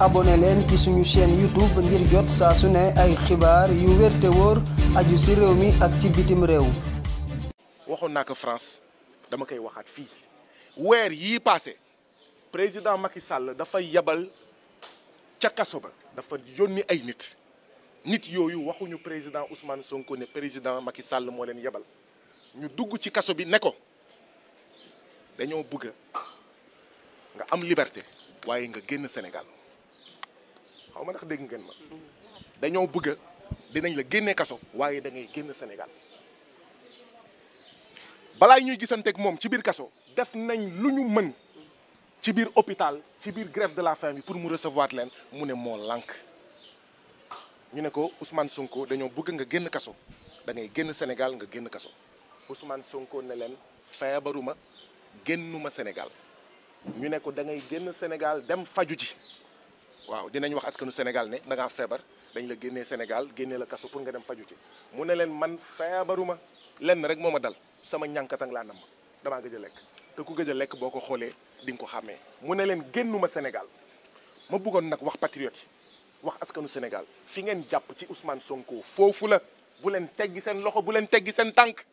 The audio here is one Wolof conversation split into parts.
abone leen ci suñu chaîne YouTube ngir jot saa su ne ay xibaar yu wér te wóor aju ci réew mi ak ci bitim réew. waxoon naa France dama koy waxaat fii weer yii passé président Macky sàll dafa yabal ca kaso ba dafa yónni ay nit nit yooyu waxuñu président Ousmane Sonko ne président Macky Sall moo leen yabal ñu dugg ci kaso bi ne ko dañoo bëgg nga am liberté waaye nga génn Sénégal. xaw ma ndax dégg ngeen ma dañoo bëgg dinañ la génne kaso waaye da ngay génn Sénégal balaa ñuy gisanteeg moom ci biir kaso def nañ lu ñu mën ci biir hôpital ci biir grève de la faim bi pour mu recevoir leen mu ne moo lànk ñu ne ko Ousmane Sonko dañoo bëgg nga génn kaso dangay génn Sénégal nga génn kaso Ousmane Sonko ne leen feebaruma génnuma Sénégal ñu ne ko da ngay génn Sénégal dem faju ji waaw dinañ wax askanu Sénégal ne da ngaa feebar dañ la génnee Sénégal génnee la kaso pour nga dem faju ci mu ne leen man feebaruma lenn rek moo ma dal sama ñànkatang laa nam ma damaa gëj a lekk te ku gëj a lekk boo ko xoolee di ko xàmmee mu ne leen génnuma Sénégal ma bëggoon nag wax patriote yi wax askanu Sénégal fi ngeen jàpp ci Ousmane Sonko foofu la bu leen teggi seen loxo bu leen teggi seen tànk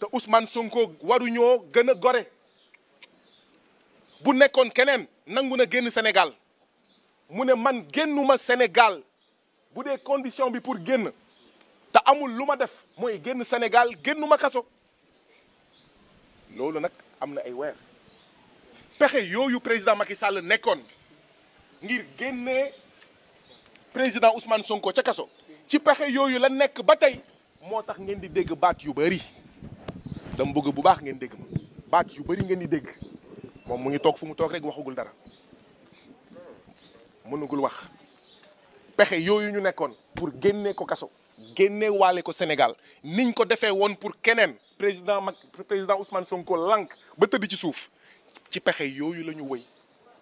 te Ousmane Sonko waruñoo gën a gore bu nekkoon keneen nangu na génn Sénégal mu ne man génnuma Sénégal bu dee condition bi pour génn te amul lu ma def mooy génn Sénégal génnuma kaso loolu nag am na ay weer pexe yooyu président Macky Sall nekkoon ngir génnee président Ousmane Sonko ca kaso ci pexe yooyu la nekk ba tey moo tax ngeen di dégg baat yu bëri dama bëgg bu baax ngeen dégg ma baat yu bëri ngeen di dégg moom mu ngi toog fu mu toog rek waxagul dara mënugul wax pexe yooyu ñu nekkoon pour génne ko kaso génne waale ko Sénégal niñ ko defee woon pour keneen président mag président Ousmane Sonko lank ba tëdd ci suuf ci pexe yooyu la ñu wëy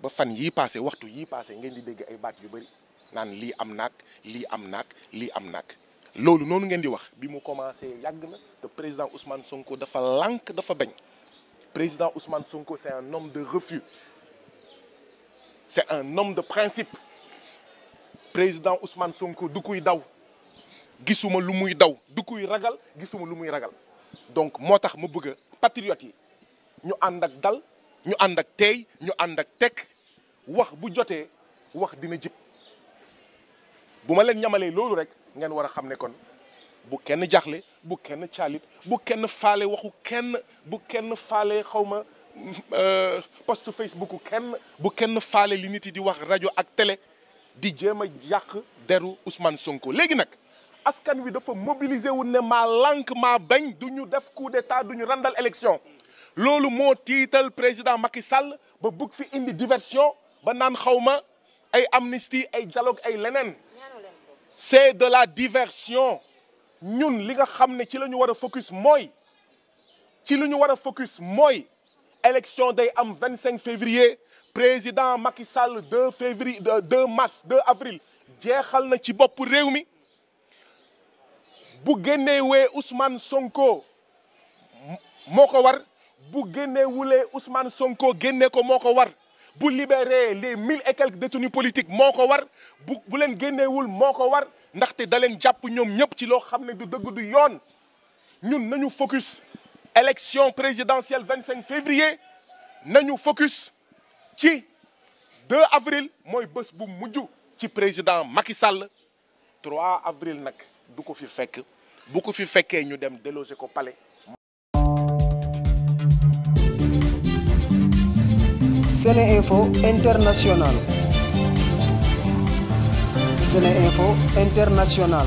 ba fan yii paase waxtu yii paase ngeen di dégg ay baat yu bëri naan lii am naag lii am naag lii am naag loolu noonu ngeen di wax bi mu commencé yàgg na te président Ousmane Sonko dafa lànk dafa bañ président Ousmane Sonko c'est un homme de refus c'est un homme de principe président Ousmane Sonko du kuy daw gisuma lu muy daw du kuy ragal gisuma lu muy ragal donc moo tax ma bëgg a patriotes yi ñu ànd ak dal ñu ànd ak teey ñu ànd ak tek wax bu jotee wax dina jib bu ma leen ñamalee loolu rek ngeen war a xam ne kon bu kenn jaxle bu kenn caalit bu kenn faale waxu kenn bu kenn faale xawma Euh, post Facebook kenn bu kenn faale li nit yi di wax rajo ak télé di jéem a yàq deru Ousmane Sonko léegi nag askan wi dafa mobiliser wu ne ma lànk maa bañ du ñu def coup d'état du ñu randal élection loolu moo tiital président Macky Sall ba bugg fi indi diversion ba naan xawma ay amnistie ay dialogue ay leneen c'est de la diversion ñun li nga xam ne ci la ñu war a focus mooy ci lu ñu war a focus mooy élection day am cinq février président Macky Sall 2 février 2 mars 2 avril jeexal na ci boppu réew mi bu génnewee usman Sonko moo ko war bu génnewulee Ousmane Sonko génne ko moo ko war bu libéré les mille et quelques détenus politiques moo ko war bu bu leen génnewul moo ko war ndaxte da leen jàpp ñoom ñëpp ci loo xam ne du dëgg du yoon ñun nañu focus élection présidentielle cinq février nañu focus ci 2 avril mooy bés bu mujj ci président Macky Sall 3 avril nag du ko fi fekk bu ko fi fekkee ñu dem déloger ko palais. SeneInfo International SeneInfo International